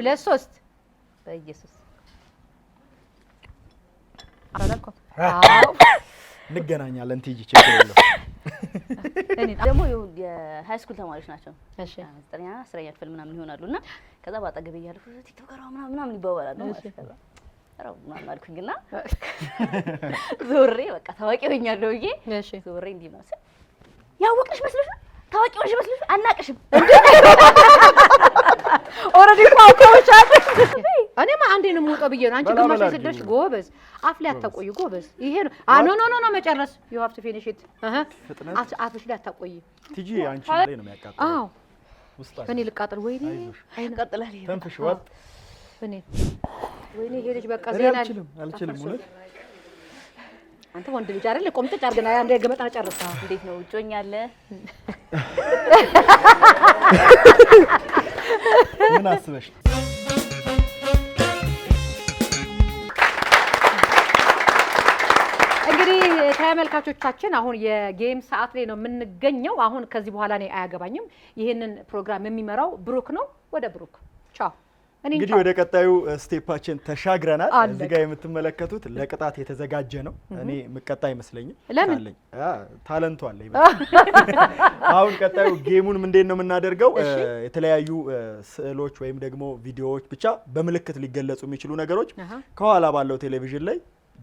ሁለት ሶስት በኢየሱስ እንገናኛለን። ቲጂ ችግር የለው። ደግሞ የሀይ ስኩል ተማሪዎች ናቸው። ዘጠነኛ አስረኛ ክፍል ምናምን ይሆናሉ እና ከዛ በአጠገቤ እያለፉ ቲክቶከሯ ምናምን ምናምን ይባባላሉ ማለት ከዛ ኧረ ምናምን አልኩኝና ዞሬ በቃ ታዋቂ ሆኛለሁ ብዬ ዞሬ እንዲህ ምናምን ስል ያወቅሽ መስሎሽ ታዋቂ ሆንሽ መስሎሽ አናቅሽም ኦልሬዲ እኮ አውቀውሻለሁ። እኔማ አንዴ ነው የምወጣው ብዬ ነው። አንቺ ግማሽ ስደርሽ ጎበዝ፣ አፍ ላይ አታቆይ ጎበዝ። ይሄ ነው ኖ ኖ ኖ መጨረስ ዩ ሀቭ ቱ ፊኒሽ ኢት አፍሽ ላይ አታቆይ። ትጂ አንቺ ላይ ነው የሚያቃጥለው። አዎ እኔ ልቃጥል። ወይኔ አይቀጥላል። ይሄ ተንፍሽ ወጥ እኔ ወይኔ ይሄ በቃ ዜና አልችልም አልችልም ማለት አንተ ወንድ ልጅ አይደል? ቆምጥጭ አድርገና አንዴ ገመጣ ጨርሳ። እንዴት ነው እጮኛለህ? ምን አስበሽ ነው? እንግዲህ ተመልካቾቻችን አሁን የጌም ሰዓት ላይ ነው የምንገኘው። አሁን ከዚህ በኋላ እኔ አያገባኝም። ይህንን ፕሮግራም የሚመራው ብሩክ ነው። ወደ ብሩክ እንግዲህ ወደ ቀጣዩ ስቴፓችን ተሻግረናል። እዚህ ጋር የምትመለከቱት ለቅጣት የተዘጋጀ ነው። እኔ ምቀጣ አይመስለኝም። ለምን ታለንቱ አለ። አሁን ቀጣዩ ጌሙን እንዴት ነው የምናደርገው? የተለያዩ ስዕሎች ወይም ደግሞ ቪዲዮዎች ብቻ በምልክት ሊገለጹ የሚችሉ ነገሮች ከኋላ ባለው ቴሌቪዥን ላይ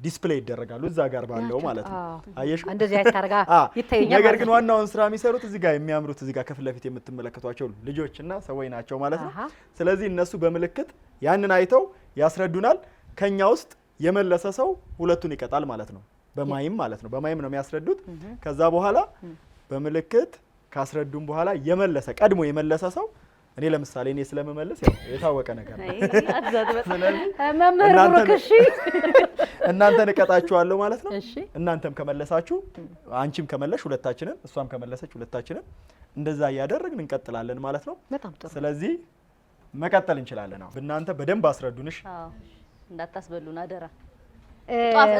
ዲስፕሌይ ይደረጋሉ እዛ ጋር ባለው ማለት ነው። አየሽ እንደዚህ አይታረጋ ይታየኛል። ነገር ግን ዋናውን ስራ የሚሰሩት እዚህ ጋር የሚያምሩት እዚህ ጋር ከፊት ለፊት የምትመለከቷቸው ልጆችና ሰዎች ናቸው ማለት ነው። ስለዚህ እነሱ በምልክት ያንን አይተው ያስረዱናል። ከኛ ውስጥ የመለሰ ሰው ሁለቱን ይቀጣል ማለት ነው። በማይም ማለት ነው። በማይም ነው የሚያስረዱት። ከዛ በኋላ በምልክት ካስረዱን በኋላ የመለሰ ቀድሞ የመለሰ ሰው እኔ ለምሳሌ እኔ ስለምመልስ ያው የታወቀ ነገር ነው። እናንተ ብሩክ እቀጣችኋለሁ ማለት ነው። እናንተም ከመለሳችሁ፣ አንቺም ከመለሽ ሁለታችንም እሷም ከመለሰች ሁለታችንን፣ እንደዛ እያደረግን እንቀጥላለን ማለት ነው። ስለዚህ መቀጠል እንችላለን። አሁን እናንተ በደንብ አስረዱንሽ፣ እንዳታስበሉን አደራ።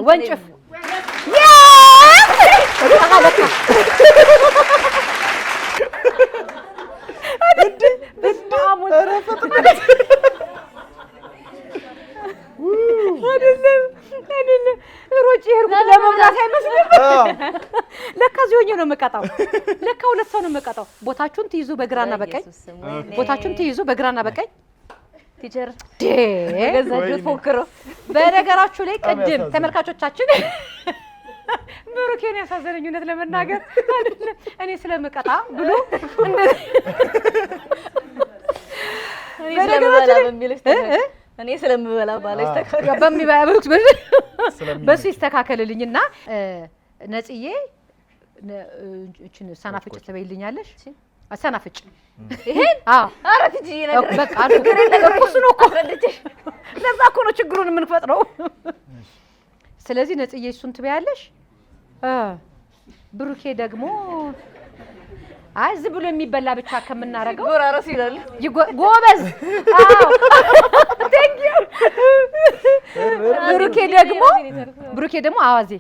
ወንጭፍ የሚፈጥርበት አይደለም አይደለም። ሮጬ ሄድኩት ለመብላት አይመስልም። ለካ እዚህ ሆኜ ነው የምቀጣው። ለካ ሁለት ሰው ነው የምቀጣው። ቦታችሁን ትይዙ በግራና በቀኝ፣ ቦታችሁን ትይዙ በግራና በቀኝ። ቲቸር ፎክሮ በነገራችሁ ላይ ቅድም ተመልካቾቻችን ብሩኬን ያሳዘነኝ እውነት ለመናገር እኔ ስለምቀጣ ብሎ እንደዚህ ስለሚልሽ እኔ ስለምበላ ባለሽ በሱ ይስተካከልልኝ እና ነጽዬ እችን ሰናፍጭ ትበይልኛለሽ። አሰናፍጭ ይሄን አራት እጂ እርኩስ ነው እኮ ለዛ እኮ ነው ችግሩን የምንፈጥረው። ስለዚህ ነጽዬ እሱን ትበያለሽ። ብሩኬ ደግሞ አይ ዝም ብሎ የሚበላ ብቻ ከምናረገው ጎራረስ ይላል። ጎበዝ ብሩኬ ደግሞ ብሩኬ ደግሞ አዋዜ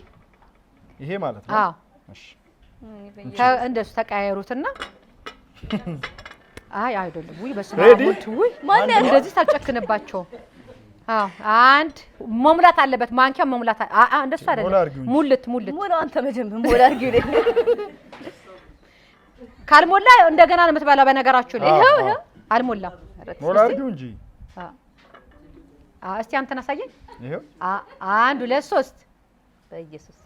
ይሄ ማለት ነው። አዎ እንደሱ ተቀያየሩትና አይ አይደለም። ውይ በስመ አብ ውይ እንደዚህ ታልጨክንባቸውም። አዎ አንድ መሙላት አለበት ማንኪያ መሙላት አ እንደሱ አይደለም። ሙልት ሙልት ሙላ። አንተ መጀመር ሙሉ አድርጊው ካልሞላ እንደገና ነው የምትበላው። በነገራችሁ ላይ ይኸው ይኸው አልሞላ ሞላ ሞላው እንጂ እስቲ አንተን አሳየኝ። አንድ ሁለት ሶስት። በኢየሱስ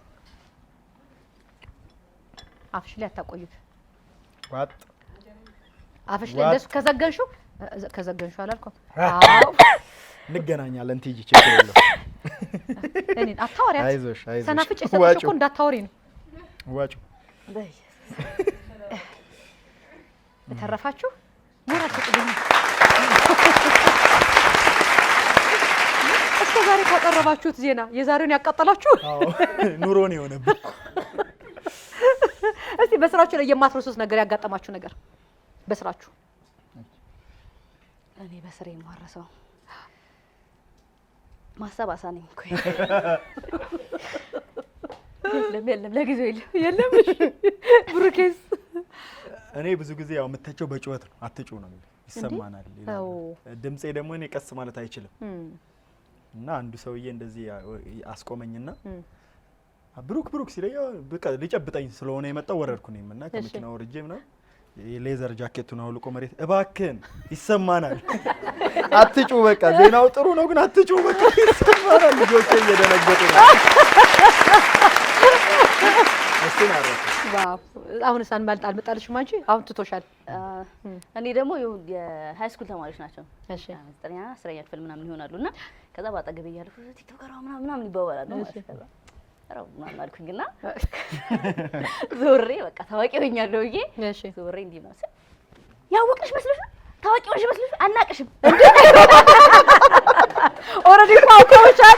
አፍሽ ላይ አታቆዩት። ዋጥ አፍሽ ላይ እንደሱ ከዘገንሹ ከዘገንሹ አላልኩም። አዎ እንገናኛለን። ቲጂ ችግር የለው እኔ አታወሪያት። አይዞሽ አይዞሽ፣ ሰናፍጭ ሰጥሽ እኮ እንዳታወሪ ነው ዋጩ በተረፋችሁ እስከ ዛሬ ካቀረባችሁት ዜና የዛሬውን ያቃጠላችሁ ኑሮ ነው የሆነብን። እስቲ በስራችሁ ላይ የማትረሱት ነገር ያጋጠማችሁ ነገር በስራችሁ። እኔ በስሬ የማረሰው ማሰብ አሳ እኮ የለም የለም፣ ለጊዜው የለም የለም። ብሩኬስ እኔ ብዙ ጊዜ ያው የምተቸው በጩኸት ነው። አትጩ ነው ይሰማናል። ድምጼ ደግሞ እኔ ቀስ ማለት አይችልም እና አንዱ ሰውዬ እንደዚህ አስቆመኝና ብሩክ ብሩክ ሲለኝ በቃ ሊጨብጠኝ ስለሆነ የመጣው ወረድኩ እኔም እና ከመኪና ወርጄ ምናምን የሌዘር ጃኬቱን አውልቆ መሬት እባክን ይሰማናል፣ አትጩ በቃ ዜናው ጥሩ ነው ግን አትጩ በቃ ይሰማናል። ልጆቼ እየደነገጡ ነው። አሁን ሳን ማልጣ አልመጣልሽም አንቺ አሁን ትቶሻል። እኔ ደግሞ የሀይ ስኩል ተማሪዎች ናቸው ዘጠነኛ አስረኛ ክፍል ምናምን ይሆናሉ እና ከዛ በአጠገቤ እያለፉ ቲክቶከሯ ምናምን ምናምን ይባባላሉ ምናምን አልኩኝና ዞሬ በቃ ታዋቂ ሆኛለሁ ብዬ ዞሬ እንዲህ ምናምን ስል ያወቅሽ መስሎሽ ታዋቂ ሆንሽ መስሎሽ አናቅሽም ኦልሬዲ እኮ አውቀውሻል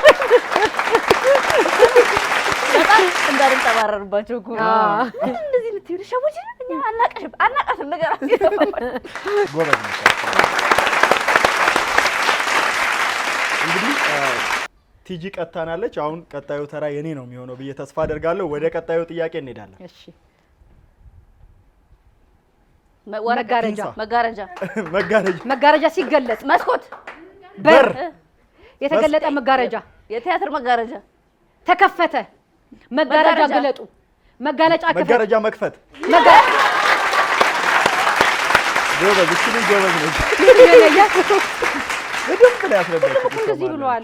በጣም እንዳንጠባረርባቸው እኮ እንደዚህ ልትሄዱ ሸቦች አናቀሽም አናቃትም ነገር ጎበዝ እንግዲህ ቲጂ ቀጥታናለች። አሁን ቀጣዩ ተራ የኔ ነው የሚሆነው ብዬ ተስፋ አደርጋለሁ። ወደ ቀጣዩ ጥያቄ እንሄዳለን። መጋረጃ መጋረጃ መጋረጃ መስኮት፣ በር፣ የተገለጠ መጋረጃ፣ የቲያትር መጋረጃ ተከፈተ መጋረጃ ገለጡ፣ መጋለጫ ክፈት፣ መጋረጃ መክፈት። ጎበዝ እችሉ ጎበዝ ነች። በደንብ ነው ያስረዳችው። እንደዚህ ብለዋል።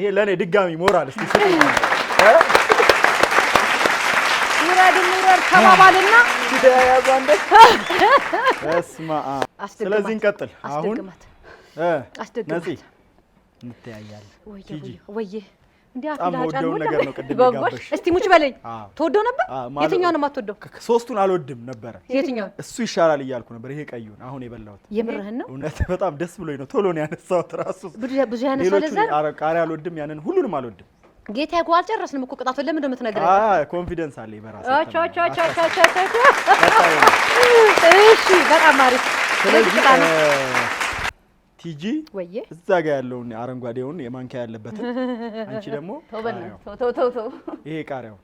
ይሄ ለእኔ ድጋሚ ሞራል እስኪ ስለዚህ እንቀጥል። አሁን አስደግማት። እንተያያለን። ወይዬ ወይዬ ወደው ነገር ነው። ቅድም የጋበሽ እስቲ ሙች በለኝ። ትወደው ነበር? የትኛውን የማትወደው? ሶስቱን አልወድም ነበረ። የትኛውን እሱ ይሻላል እያልኩ ነበር። ይሄ ቀዩን አሁን የበላሁት የምርህን ነው። እውነት በጣም ደስ ብሎኝ ነው ቶሎ ነው ያነሳሁት። ራሱ ብዙ ያነሳው ቃሪያ አልወድም፣ ያንን ሁሉንም አልወድም። ጌታ ያጓ አልጨረስንም እኮ ቅጣቱን። ለምን እንደምትነግረኝ ኮንፊደንስ አለ በራሱ። እሺ፣ በጣም አሪፍ ስለዚህ ቲጂ ወየ እዛ ጋ ያለውን አረንጓዴውን የማንኪያ ያለበትን አንቺ ደግሞ ይሄ ቃሪያው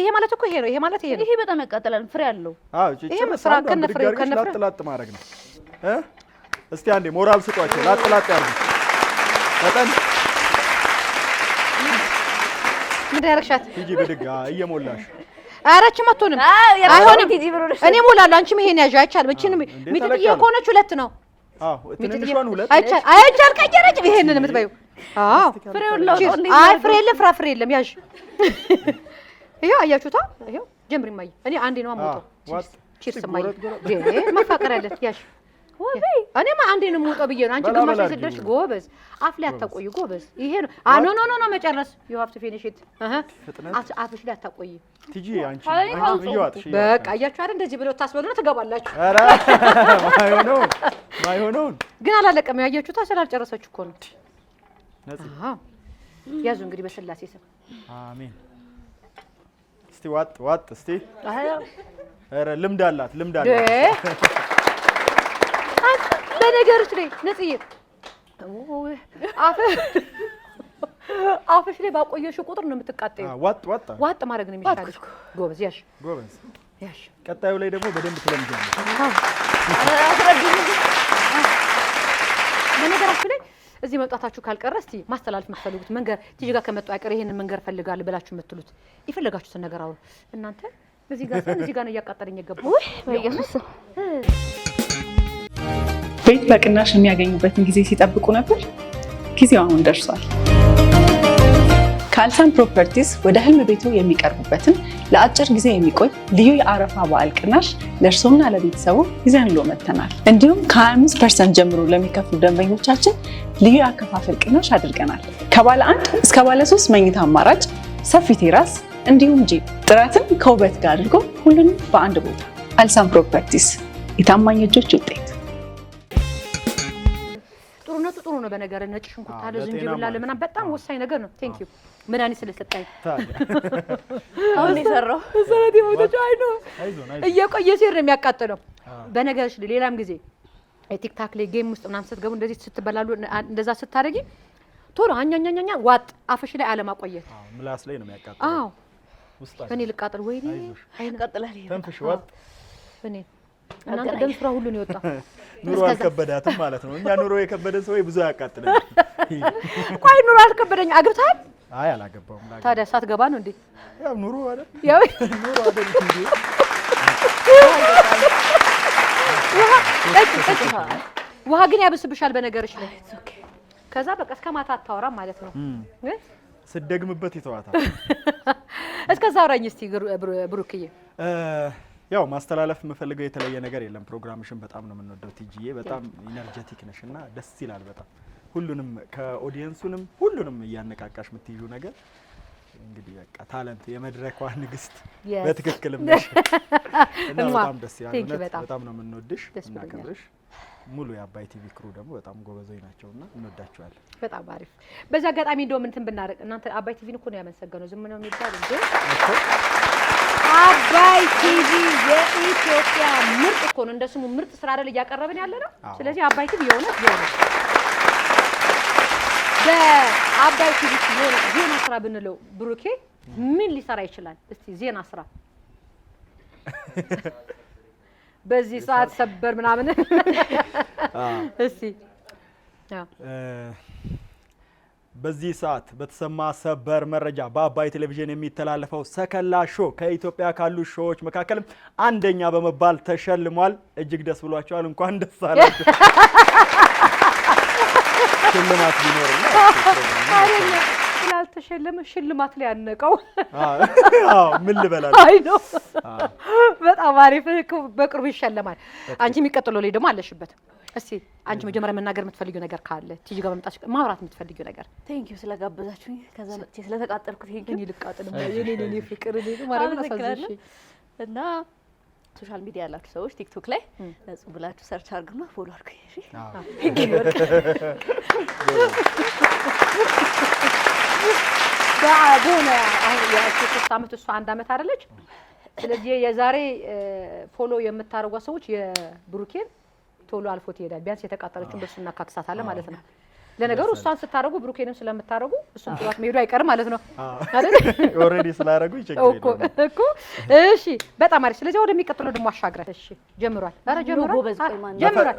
ይሄ ማለት እኮ ይሄ ነው። ይሄ ማለት ይሄ ነው። ይሄ በጣም ያቃጥላል። ፍሬ አለው። አዎ ስራ ከነ ፍሬ ከነ ፍሬ ላጥ ላጥ ማድረግ ነው። እስቲ አንዴ ሞራል ስጧቸው። ላጥ ላጥ ያርጉ። በጣም ምን ያረክሻት? ቲጂ ብድግ እየሞላሽ አረችም አትሆንም፣ አይሆንም። እኔ እሞላለሁ፣ አንቺም ይሄን ያዥ። አይቻልም። እቺን ሚጥጥዬ ከሆነች ሁለት ነው። አይቻል ቀየረች። ይሄንን የምትበይው ፍሬ የለም ፍራፍሬ የለም። ያዥ። ይኸው አያችሁታ። ይኸው ጀምሪ። እኔ አንዴ ነው አሞጣው። ቺርስ እማዬ መፋቀር ያለን ያዥ እኔማ አንዴ ነው የምወጣው ብዬ ነው። አንቺ ግማሽ ስደርሽ ጎበዝ፣ አፍ ላይ አታቆይ ጎበዝ። ይሄ ነው ኖ ኖ ኖ መጨረስ ዩ ሀቭ ቱ ፊኒሽ ኢት አፍሽ ላይ አታቆይ ትጂ። አንቺ በቃ እያችሁ አይደል እንደዚህ ብለው ታስበሉ ነው ትገባላችሁ። ማይሆነውን ማይሆነውን ግን አላለቀም። ያያችሁታ ስላልጨረሰች እኮ ነው። ያዙ እንግዲህ በስላሴ ስም አሜን። እስቲ ዋጥ ዋጥ እስቲ። ኧረ ልምድ አላት ልምድ አላት በነገርሽ ላይ ነጽዬ አፍሽ ላይ ባቆየሽው ቁጥር ነው የምትቃጠዩ። ዋጥ ዋጥ ዋጥ ማድረግ ነው የሚሻልሽ። ጎበዝ ያሽ ጎበዝ ያሽ። ቀጣዩ ላይ ደግሞ በደንብ በነገራችሁ ላይ እዚህ መምጣታችሁ ካልቀረ እስቲ ማስተላለፍ የምትፈልጉት መንገር ቲጂ ጋር ከመጡ አይቀር ይሄንን መንገር ፈልጋለሁ ብላችሁ የምትሉት የፈለጋችሁትን ነገር አውሩ እናንተ። እዚህ ጋር እዚህ ጋር ነው እያቃጠለኝ የገባው ወይ ቤት በቅናሽ የሚያገኙበትን ጊዜ ሲጠብቁ ነበር። ጊዜው አሁን ደርሷል። ካልሳን ፕሮፐርቲስ ወደ ህልም ቤቱ የሚቀርቡበትን ለአጭር ጊዜ የሚቆይ ልዩ የአረፋ በዓል ቅናሽ ለእርስዎና ለቤተሰቡ ይዘንሎ መጥተናል። እንዲሁም ከ25 ፐርሰንት ጀምሮ ለሚከፍሉ ደንበኞቻችን ልዩ የአከፋፈል ቅናሽ አድርገናል። ከባለ አንድ እስከ ባለ ሶስት መኝታ አማራጭ፣ ሰፊ ቴራስ እንዲሁም ጂፕ ጥራትን ከውበት ጋር አድርጎ ሁሉንም በአንድ ቦታ አልሳን ፕሮፐርቲስ የታማኝ እጆች ውጤት መብላቱ ጥሩ ነው። በነገር ነጭ ሽንኩርት አለ፣ ዝንጅብል አለ ምናምን በጣም ወሳኝ ነገር ነው። ቴንክ ዩ መድኃኒት ስለሰጣኝ አሁን የሰራው መሰረት የሞተች አይ ነው እየቆየ ሲር ነው የሚያቃጥለው። በነገርሽ ሌላም ጊዜ የቲክታክ ላይ ጌም ውስጥ ምናምን ስትገቡ እንደዚህ ስትበላሉ እንደዛ ስታደርጊ ቶሎ አኛኛኛኛ ዋጥ አፈሽ ላይ አለማቆየት ምላስ ላይ ነው የሚያቃጥለው። አዎ እኔ ልቃጥል ወይ አይን ቀጥላል። ተንፍሽ ዋጥ እኔ እናንተ ደም ስራ ሁሉ ነው የወጣው። ኑሮ አልከበዳትም ማለት ነው። እኛ ኑሮ የከበደ ሰው ብዙ አያቃጥለን። ቆይ ኑሮ አልከበደኝ። አግብተሃል? አይ አላገባሁም። ታዲያ ሳትገባ ነው እንዴ? ያው ኑሮ አይደል? ያው ኑሮ አይደል እንዴ? ውሃ ግን ያብስብሻል በነገርሽ ላይ። ከዛ በቃ እስከ ማታ አታወራም ማለት ነው። ስደግምበት ይተዋታል። እስከዛ አውራኝ እስቲ ብሩክዬ ያው ማስተላለፍ የምፈልገው የተለየ ነገር የለም። ፕሮግራምሽን በጣም ነው የምንወደው ቲጂዬ፣ በጣም ኢነርጀቲክ ነሽ እና ደስ ይላል በጣም ሁሉንም ከኦዲየንሱንም ሁሉንም እያነቃቃሽ የምትይዙ ነገር እንግዲህ በቃ ታለንት የመድረኳ ንግስት በትክክልም ነሽ እና በጣም ደስ ይላል። በጣም ነው የምንወድሽ እናከብርሽ። ሙሉ የአባይ ቲቪ ክሩ ደግሞ በጣም ጎበዞች ናቸውና እንወዳቸዋለን። በጣም አሪፍ። በዚህ አጋጣሚ እንደውም እንትን ብናደርግ እናንተ አባይ ቲቪን እኮ ነው ያመሰገነው ዝም ነው የሚባል እንዴ አባይ ቲቪ የኢትዮጵያ ምርጥ እኮ ነው። እንደ ስሙ ምርጥ ስራ አይደል እያቀረብን ያለ ነው። ስለዚህ አባይ ቲቪ የሆነ የሆነ በአባይ ቲቪ ዜና ስራ ብንለው ብሩኬ ምን ሊሰራ ይችላል? እስቲ ዜና ስራ በዚህ ሰዓት ሰበር ምናምን እስቲ በዚህ ሰዓት በተሰማ ሰበር መረጃ በአባይ ቴሌቪዥን የሚተላለፈው ሰከላ ሾ ከኢትዮጵያ ካሉ ሾዎች መካከል አንደኛ በመባል ተሸልሟል። እጅግ ደስ ብሏቸዋል። እንኳን ደስ አላችሁ። ሽልማት ቢኖር ስላልተሸለመ ሽልማት ላይ ያነቀው ምን ልበላል? አይ ነው በጣም አሪፍ። በቅርቡ ይሸለማል። አንቺ የሚቀጥለው ላይ ደግሞ አለሽበት እስቲ አንቺ መጀመሪያ መናገር የምትፈልጊው ነገር ካለ ቲጂ ጋር መምጣት ማውራት የምትፈልጊው ነገር። ቴንክ ዩ ስለጋበዛችሁኝ፣ ከዛ መጥቼ ስለተቃጠልኩ ቴንክ ዩ። ልቃጥል የኔ ፍቅር እና ሶሻል ሚዲያ ያላችሁ ሰዎች ቲክቶክ ላይ ነጹ ብላችሁ ሰርች አድርግማ ፎሎ አድርጉኝ። ሶስት አመት እሷ አንድ አመት አደለች። ስለዚህ የዛሬ ፎሎ የምታደርጓት ሰዎች የብሩኬን ቶሎ አልፎት ይሄዳል። ቢያንስ የተቃጠለችውን በሱ እናካክሳታለን ማለት ነው። ለነገሩ እሷን ስታረጉ ብሩኬንም ስለምታረጉ እሱን ጥሏት መሄዱ አይቀርም ማለት ነው። ኦልሬዲ ስላረጉ ይቸግረኝ እኮ። እሺ፣ በጣም አሪፍ። ስለዚህ ወደሚቀጥለው ደግሞ አሻግረን። እሺ፣ ጀምሯል። ኧረ ጀምሯል፣ ጀምሯል።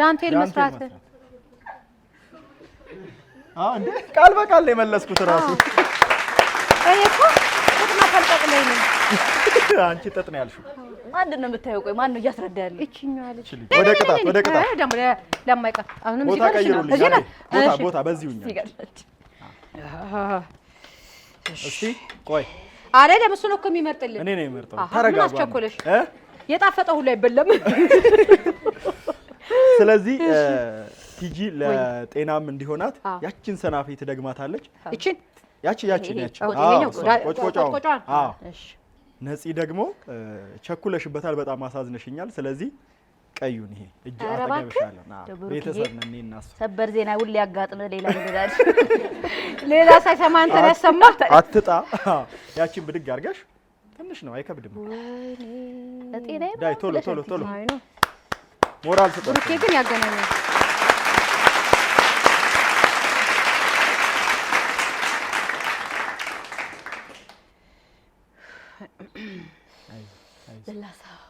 ዳንቴል መስራት ቃል በቃል የመለስኩት ራሱ አንቺ ጠጥ ነው ያልሽው። አንድ ነው የምታየው? ቆይ ማን ነው እያስረዳ ያለው? ወደ ቅጣት ወደ ቅጣት ቦታ ቀይሩልኝ። ቦታ ቦታ እስቲ ቆይ አይደለም፣ እሱን እኮ የሚመርጥልን እኔ ተረጋጋ፣ የጣፈጠ ሁሉ አይበለም። ስለዚህ ቲጂ ለጤናም እንዲሆናት ያችን ሰናፊ ትደግማታለች። እቺን ያቺ ያቺ ነች ቆጭቆጫውን። ነፂ ደግሞ ቸኩለሽበታል፣ በጣም አሳዝነሽኛል። ስለዚህ ቀዩን ይሄ እጅ አጠገብሻለሁ። ቤተሰብ ነን እናሱ ሰበር ዜና ሁሌ ያጋጥመ ሌላ ይላል ሌላ ሳይሰማ እንትን ያሰማ አትጣ። ያቺን ብድግ አድርገሽ ትንሽ ነው አይከብድም። ዳይ ቶሎ ቶሎ ቶሎ ሞራል ስጠ። ቡርኬ ግን ያገናኛል ልላሳው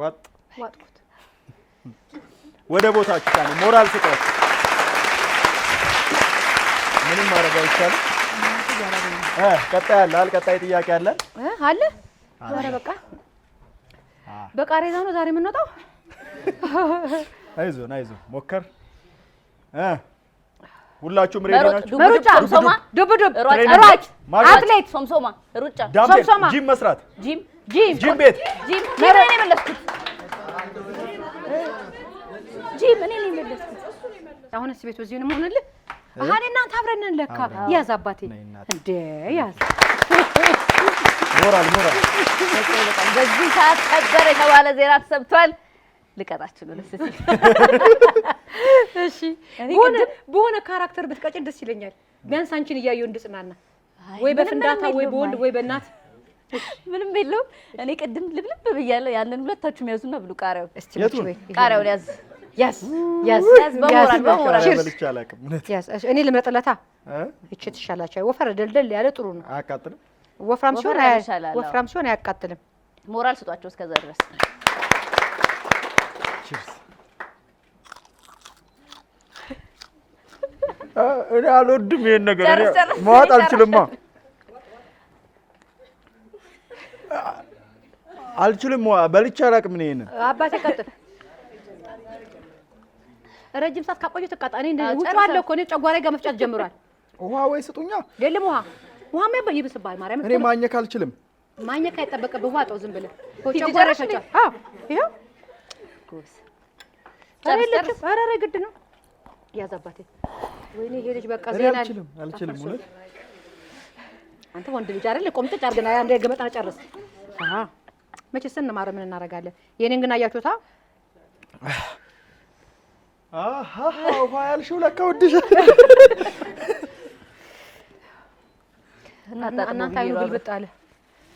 ዋጥ ወደ ቦታችሁ ሞራል ምንም ማድረግ አይቻልም። ቀጣይ አለ ቀጣይ ጥያቄ አለ አለ። ኧረ በቃ ነው ዛሬ የምንወጣው። አይዞን አይዞን ሞከር ሁላችሁም ሬዲ ናችሁ። ሩጫ፣ ሶምሶማ፣ ዱብ ሯጭ፣ አትሌት፣ ሶምሶማ፣ ሩጫ፣ ሶምሶማ፣ ጂም መስራት፣ ጂም ጂም ጂም ቤት ጂም ጂም የመለስኩት ጂም እኔ ነኝ የመለስኩት። አሁንስ ቤት በዚህ ነው የምሆንልህ። አሃ እኔ እናንተ አብረን ለካ። ያዝ አባቴ እንደ ያዝ ሞራል ሞራል። በዚህ ሰዓት ቀበረ የተባለ ዜና ተሰብቷል። ልቀጣችሁ ነው ደስ ሲል እሺ በሆነ ካራክተር ብትቀጭን ደስ ይለኛል። ቢያንስ አንቺን እያየሁ እንድጽናና ወይ በፍንዳታ ወይ በወንድ ወይ በእናት ምንም የለውም። እኔ ቅድም ልብልብ ብያለሁ። ያንን ሁለታችሁም ያዙና ብሉ። ቃሪያው ቃሪያው ያዝ ያዝ ያዝ ያዝ። በሞራል በሞራል እኔ ልምረጥለታ። እቺ ትሻላችሁ። ወፈር ደልደል ያለ ጥሩ ነው። አያቃጥልም። ወፍራም ሲሆን አያቃጥልም። ሞራል ስጧቸው እስከዛ ድረስ እኔ አልወድም ይሄን ነገር ማወጥ አልችልማ፣ አልችልም። በልቼ አላውቅም እኔ ይሄን አባቴ ቀጥል። ረጅም ሰዓት ካቆየ ትቀጣ። እኔ ውጭ አለ እኮ እኔ ጨጓራዬ ጋር መፍጨት ጀምሯል። ውሃ ወይ ስጡኛ። የለም ውሃ ውሃ ማ ይብስባል። ማርያም እኔ ማኘክ አልችልም። ማኘክ አይጠበቅብህ። ውሃ ጠው ዝም ብለህ ጨጓራ ይፈጫል። ይኸው ኧረ የለችም። ኧረ ኧረ ግድ ነው ያዛባቴ ወይኔ ይሄ ልጅ በቃ ዜና አልችልም አልችልም። ሁለት አንተ ወንድ ልጅ አይደል? ቆምጥጭ አድርገና አንዴ ገመጣ ጨርስ። አሃ መቼስ ስንማር ምን እናደርጋለን? የኔን ግን አያችሁታ። አሃ ውሃ ያልሽው ለካ ውድሽ እናንተ አይኑ ግልብጥ አለ።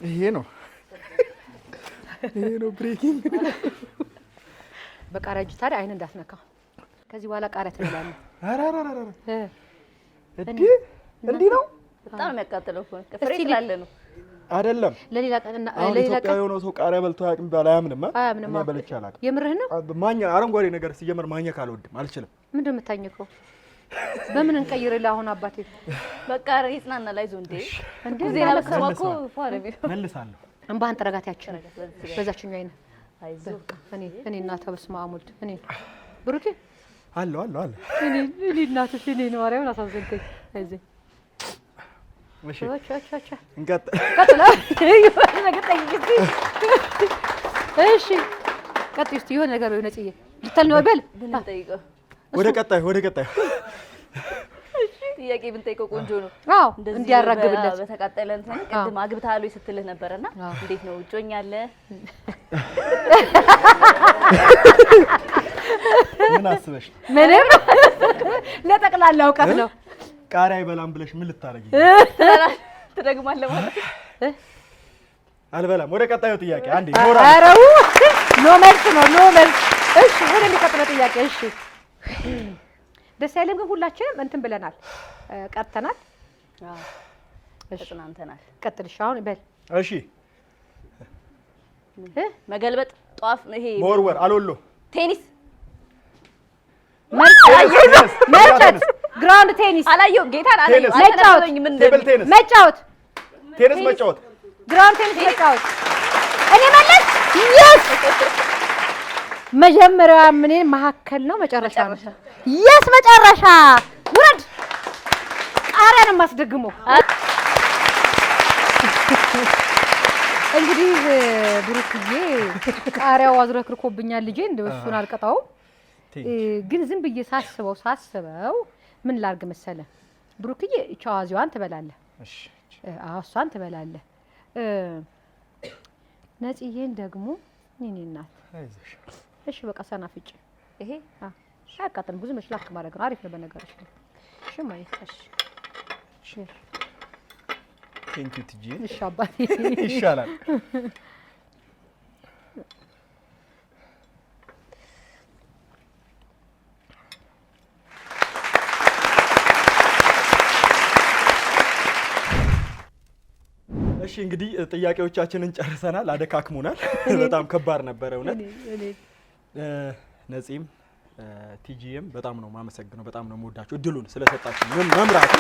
ይሄ ነው ይሄ ነው ብሬኪንግ። በቃሪያ እጅ ታዲያ አይን እንዳትነካ ከዚህ በኋላ ቃሪያ ትበላለህ። እንዲህ ነው። በጣም የሚያቃጥለው ፍሬ ስላለ ነው አይደለም። ለሌላ ቀን ኢትዮጵያ የሆነው ሰው ቃሪያ በልቶ አያውቅም ይባል አያምንም። እኔ በልቼ አላውቅም። የምርህ ነው። ማኛ አረንጓዴ ነገር ሲጀመር ማኘክ አልወድም፣ አልችልም። ምንድን ነው የምታኘከው? በምን እንቀይርልህ አሁን አባቴ? በቃ ይጽናና ላይ ዞ መልሳለሁ። እንባህን ጠረጋት ያችን በዛችኛው እኔ እናተ በስመ አብ ወልድ እኔ ብሩኬ አለ አለ አለ እኔ እናትሽ እኔ ነው ማርያምን አሳዘንከኝ። እዚህ እሺ ነገር ልታል ነው በል ብንጠይቀው ወደ ቀጣዩ ወደ ቀጣዩ ጥያቄ ብንጠይቀው ቆንጆ ነው። አዎ እንዲያራግብለት በተቃጠለ እንትን ቅድም አግብተሃል ወይ ስትልህ ነበረና እንዴት ነው እጮኛለህ ምን አስበሽ? ምንም ለጠቅላላ እውቀት ነው። ቃሪያ አይበላም ብለሽ ምን ልታረጊ ትደግማለህ? ማለት አልበላም። ወደ ቀጣዩ ጥያቄ አንዴ ኖራል። ኖ መልስ ነው ኖ መልስ። እሺ ወደ ጥያቄ እሺ። ደስ አይልም ግን ሁላችንም እንትን ብለናል፣ ቀጥተናል፣ ተጽናንተናል። ቀጥል እሺ። አሁን በል እሺ። መገልበጥ፣ ጧፍ፣ ይሄ መወርወር፣ አሎሎ፣ ቴኒስ መርጨት፣ ግራውንድ ቴኒስ አላየሁም። ጌታን አላየሁም። መጫወት፣ ቴኒስ መጫወት፣ ግራውንድ ቴኒስ መጫወት። እኔ መለስ የስ መጀመሪያ ምን መሀከል ነው መጨረሻ ነው። የስ መጨረሻ ውረድ። ጣሪያን የማስደግመው እንግዲህ ብሩክዬ ጣሪያው አዝረክርኮብኛል ልጄ እንደው እሱን አልቀጣውም። ግን ዝም ብዬ ሳስበው ሳስበው ምን ላርግ መሰለ ብሩክዬ፣ ቻዋዚዋን ትበላለህ። አዎ እሷን ትበላለህ። ነጽዬን ደግሞ እኔ እናት እሺ፣ በቃ ሰናፍጭ ይሄ አያቃጥልም። ብዙ መሽላክ ማድረግ ነው። አሪፍ ነው በነገሮች ላይ እሺ። ማየት እሺ፣ ቴንኪው ትጂ። እሺ አባቴ ይሻላል። እሺ እንግዲህ ጥያቄዎቻችንን ጨርሰናል። አደካክሙናል። በጣም ከባድ ነበረ እውነት። ነፂም ቲጂም በጣም ነው ማመሰግነው፣ በጣም ነው መወዳችሁ እድሉን ስለሰጣችሁ መምራት።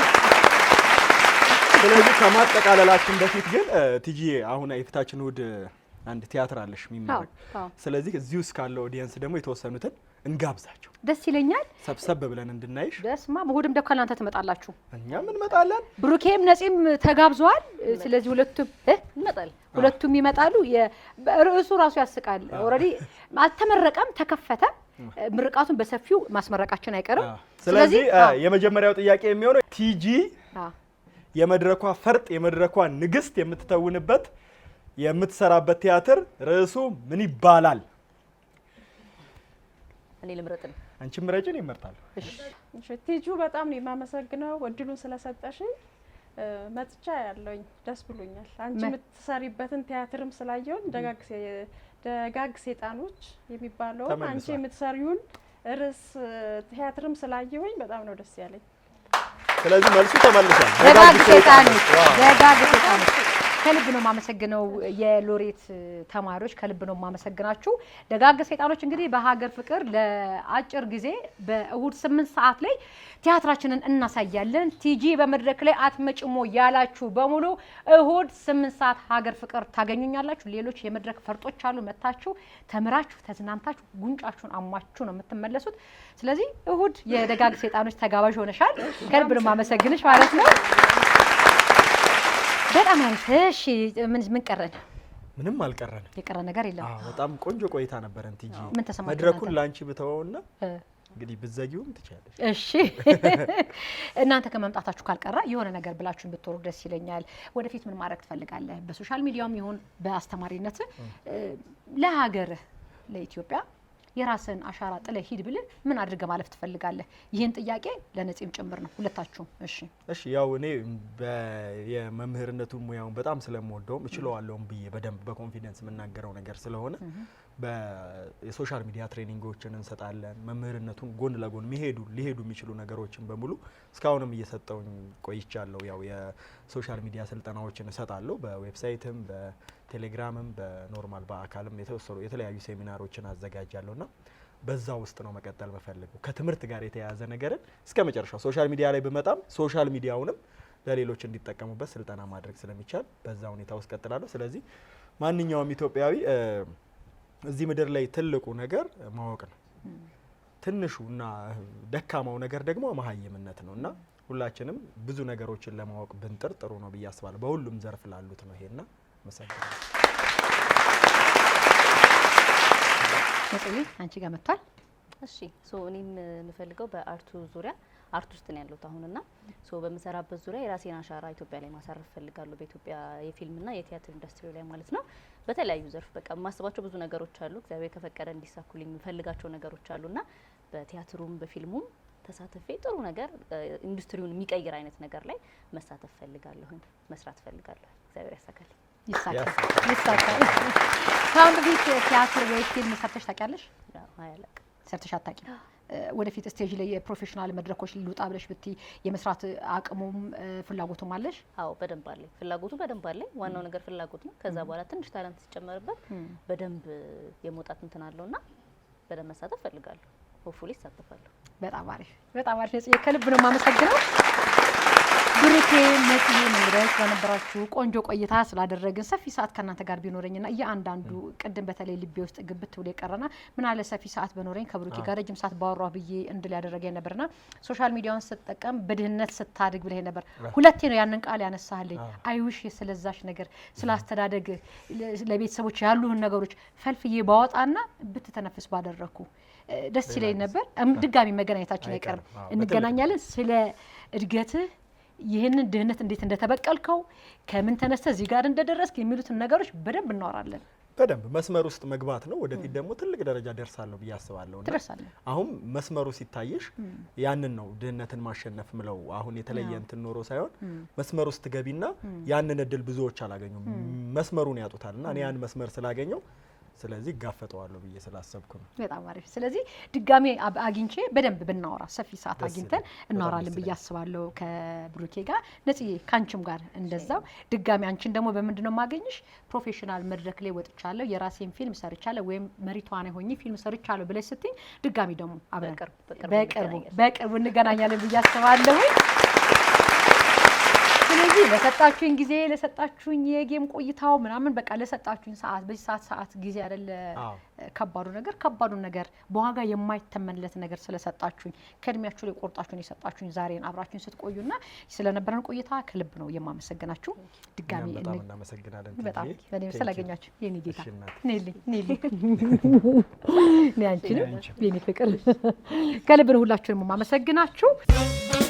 ስለዚህ ከማጠቃለላችን በፊት ግን ቲጂ አሁን የፊታችን እሑድ አንድ ቲያትር አለሽ የሚመረቅ። ስለዚህ እዚሁ እስካለው ኦዲየንስ ደግሞ የተወሰኑትን እንጋብዛቸው። ደስ ይለኛል። ሰብሰብ ብለን እንድናይሽ። ደስማ በሆድም ደካ እናንተ ትመጣላችሁ፣ እኛም እንመጣለን። ብሩኬም ነጺም ተጋብዘዋል። ስለዚህ ሁለቱም እንመጣለን፣ ሁለቱም ይመጣሉ። ርዕሱ ራሱ ያስቃል። ኦልሬዲ አልተመረቀም፣ ተከፈተ። ምርቃቱን በሰፊው ማስመረቃችን አይቀርም። ስለዚህ የመጀመሪያው ጥያቄ የሚሆነው ቲጂ የመድረኳ ፈርጥ፣ የመድረኳ ንግስት የምትተውንበት የምትሰራበት ቲያትር ርዕሱ ምን ይባላል? እኔ ልምረጥ ነው። አንቺ ምረጭ፣ እኔ እመርጣለሁ። እሺ ቲጁ፣ በጣም ነው የማመሰግነው እድሉን ስለሰጠሽኝ። መጥቻ ያለውኝ ደስ ብሎኛል። አንቺ የምትሰሪበትን ቲያትርም ስላየውን ደጋግ ደጋግ ሴጣኖች የሚባለው አንቺ የምትሰሪውን ርዕስ ቲያትርም ስላየውኝ በጣም ነው ደስ ያለኝ። ስለዚህ መልሱ ተመልሷል። ደጋግ ሴጣኖች ደጋግ ሴጣኖች ከልብ ነው የማመሰግነው የሎሬት ተማሪዎች ከልብ ነው የማመሰግናችሁ። ደጋግ ሰይጣኖች እንግዲህ በሀገር ፍቅር ለአጭር ጊዜ በእሁድ ስምንት ሰዓት ላይ ቲያትራችንን እናሳያለን። ቲጂ በመድረክ ላይ አትመጭሞ ያላችሁ በሙሉ እሁድ ስምንት ሰዓት ሀገር ፍቅር ታገኙኛላችሁ። ሌሎች የመድረክ ፈርጦች አሉ። መታችሁ ተምራችሁ ተዝናንታችሁ ጉንጫችሁን አሟችሁ ነው የምትመለሱት። ስለዚህ እሁድ የደጋግ ሰይጣኖች ተጋባዥ ሆነሻል። ከልብ ነው የማመሰግንሽ ማለት ነው። በጣም አሪፍ። እሺ ምን ቀረን? ምንም አልቀረን የቀረ ነገር የለም። በጣም ቆንጆ ቆይታ ነበረን። ቲጂ መድረኩን ለአንቺ ብተወውና እንግዲህ ብዘጊውም ትችላለች። እሺ እናንተ ከመምጣታችሁ ካልቀረ የሆነ ነገር ብላችሁ ብትወሩ ደስ ይለኛል። ወደፊት ምን ማድረግ ትፈልጋለህ? በሶሻል ሚዲያውም ይሁን በአስተማሪነት ለሀገርህ ለኢትዮጵያ የራስን አሻራ ጥለ ሂድ ብልህ ምን አድርገ ማለፍ ትፈልጋለህ? ይህን ጥያቄ ለነጺም ጭምር ነው ሁለታችሁም። እሺ እሺ፣ ያው እኔ የመምህርነቱን ሙያውን በጣም ስለምወደውም እችለዋለውም ብዬ በደንብ በኮንፊደንስ የምናገረው ነገር ስለሆነ የሶሻል ሚዲያ ትሬኒንጎችን እንሰጣለን። መምህርነቱን ጎን ለጎን ሚሄዱ ሊሄዱ የሚችሉ ነገሮችን በሙሉ እስካሁንም እየሰጠውኝ ቆይቻለሁ። ያው የሶሻል ሚዲያ ስልጠናዎችን እሰጣለሁ በዌብሳይትም ቴሌግራምም በኖርማል በአካልም የተወሰኑ የተለያዩ ሴሚናሮችን አዘጋጃለሁ ና በዛ ውስጥ ነው መቀጠል መፈልገው ከትምህርት ጋር የተያያዘ ነገርን እስከ መጨረሻው ሶሻል ሚዲያ ላይ ብመጣም ሶሻል ሚዲያውንም ለሌሎች እንዲጠቀሙበት ስልጠና ማድረግ ስለሚቻል በዛ ሁኔታ ውስጥ ቀጥላለሁ። ስለዚህ ማንኛውም ኢትዮጵያዊ እዚህ ምድር ላይ ትልቁ ነገር ማወቅ ነው። ትንሹ እና ደካማው ነገር ደግሞ መሀይምነት ነው እና ሁላችንም ብዙ ነገሮችን ለማወቅ ብንጥር ጥሩ ነው ብዬ አስባለሁ። በሁሉም ዘርፍ ላሉት ነው ይሄና መጽሔ አንቺ ጋር መጥቷል። እሺ ሶ እኔም የምፈልገው በአርቱ ዙሪያ አርት ውስጥ ነው ያለሁት አሁንና ሶ በምሰራበት ዙሪያ የራሴን አሻራ ኢትዮጵያ ላይ ማሳረፍ ፈልጋለሁ። በኢትዮጵያ የፊልምና የቲያትር ኢንዱስትሪ ላይ ማለት ነው። በተለያዩ ዘርፍ በቃ የማስባቸው ብዙ ነገሮች አሉ። እግዚአብሔር ከፈቀደ እንዲሳኩልኝ የምፈልጋቸው ነገሮች አሉና በቲያትሩም በፊልሙም ተሳትፌ ጥሩ ነገር ኢንዱስትሪውን የሚቀይር አይነት ነገር ላይ መሳተፍ ፈልጋለሁኝ፣ መስራት ፈልጋለሁ። እግዚአብሔር ያሳካልኝ። ይሳካል። ይሳካል። ከአሁን በፊት ቲያትር ወይ ፊልም ሰርተሽ ታውቂያለሽ? ሰርተሽ አታውቂም። ወደፊት ስቴጅ ላይ የፕሮፌሽናል መድረኮች ልውጣ ብለሽ ብትይ የመስራት አቅሙም ፍላጎቱም አለሽ? አዎ በደንብ አለኝ። ፍላጎቱ በደንብ አለኝ። ዋናው ነገር ፍላጎት ነው። ከዛ በኋላ ትንሽ ታለንት ሲጨመርበት በደንብ የመውጣት እንትን አለው እና በደንብ መሳተፍ ፈልጋለሁ። ሆፉሊ ይሳተፋለሁ። በጣም አሪፍ በጣም አሪፍ ነጽዬ፣ ከልብ ነው የማመሰግነው። ብሩኬ መሲሄ ምህረት በነበራችሁ ቆንጆ ቆይታ ስላደረግን ሰፊ ሰዓት ከእናንተ ጋር ቢኖረኝና እያንዳንዱ ቅድም በተለይ ልቤ ውስጥ ግብት ብሎ የቀረና ምን አለ ሰፊ ሰዓት በኖረኝ ከብሩኬ ጋር ረጅም ሰዓት ባወራሁ ብዬ እንድል ነበር ነበርና ሶሻል ሚዲያውን ስጠቀም በድህነት ስታድግ ብለ ነበር። ሁለቴ ነው ያንን ቃል ያነሳልኝ። አይውሽ ስለዛሽ ነገር ስላስተዳደግ ለቤተሰቦች ያሉህን ነገሮች ፈልፍዬ ባወጣና ብትተነፍስ ባደረግኩ ደስ ይለኝ ነበር። ድጋሚ መገናኘታችን አይቀርም። እንገናኛለን። ስለ እድገትህ ይህንን ድህነት እንዴት እንደተበቀልከው ከምን ተነስተ እዚህ ጋር እንደደረስክ የሚሉትን ነገሮች በደንብ እናወራለን። በደንብ መስመር ውስጥ መግባት ነው። ወደፊት ደግሞ ትልቅ ደረጃ ደርሳለሁ ብዬ አስባለሁ። አሁን መስመሩ ሲታየሽ ያንን ነው ድህነትን ማሸነፍ ምለው። አሁን የተለየ እንትን ኖሮ ሳይሆን መስመር ውስጥ ገቢና ያንን እድል ብዙዎች አላገኙም፣ መስመሩን ያጡታል እና እኔ ያን መስመር ስላገኘው ስለዚህ እጋፈጠዋለሁ ብዬ ስላሰብኩ ነው። በጣም አሪፍ። ስለዚህ ድጋሜ አግኝቼ በደንብ ብናወራ ሰፊ ሰዓት አግኝተን እናወራለን ብዬ አስባለሁ ከብሩኬ ጋር ነጽ ከአንቺም ጋር እንደዛው ድጋሜ። አንቺን ደግሞ በምንድን ነው የማገኝሽ? ፕሮፌሽናል መድረክ ላይ ወጥቻለሁ፣ የራሴን ፊልም ሰርቻለሁ፣ ወይም መሪቷን ሆኜ ፊልም ሰርቻለሁ ብለሽ ስትኝ ድጋሜ ደግሞ አብረን በቅርቡ በቅርቡ እንገናኛለን ብዬ አስባለሁኝ። ስለዚህ ለሰጣችሁኝ ጊዜ ለሰጣችሁኝ የጌም ቆይታው ምናምን በቃ ለሰጣችሁኝ ሰዓት በዚህ ሰዓት ሰዓት ጊዜ አይደለ ከባዱ ነገር ከባዱ ነገር በዋጋ የማይተመንለት ነገር ስለሰጣችሁኝ ከእድሜያችሁ ላይ ቆርጣችሁን የሰጣችሁኝ ዛሬን አብራችሁን ስትቆዩና ስለነበረን ቆይታ ከልብ ነው የማመሰግናችሁ። ድጋሚ በጣም ስላገኛችሁ የኔ ጌታ እኔ አንቺንም የኔ ፍቅር ከልብ ነው ሁላችሁንም የማመሰግናችሁ።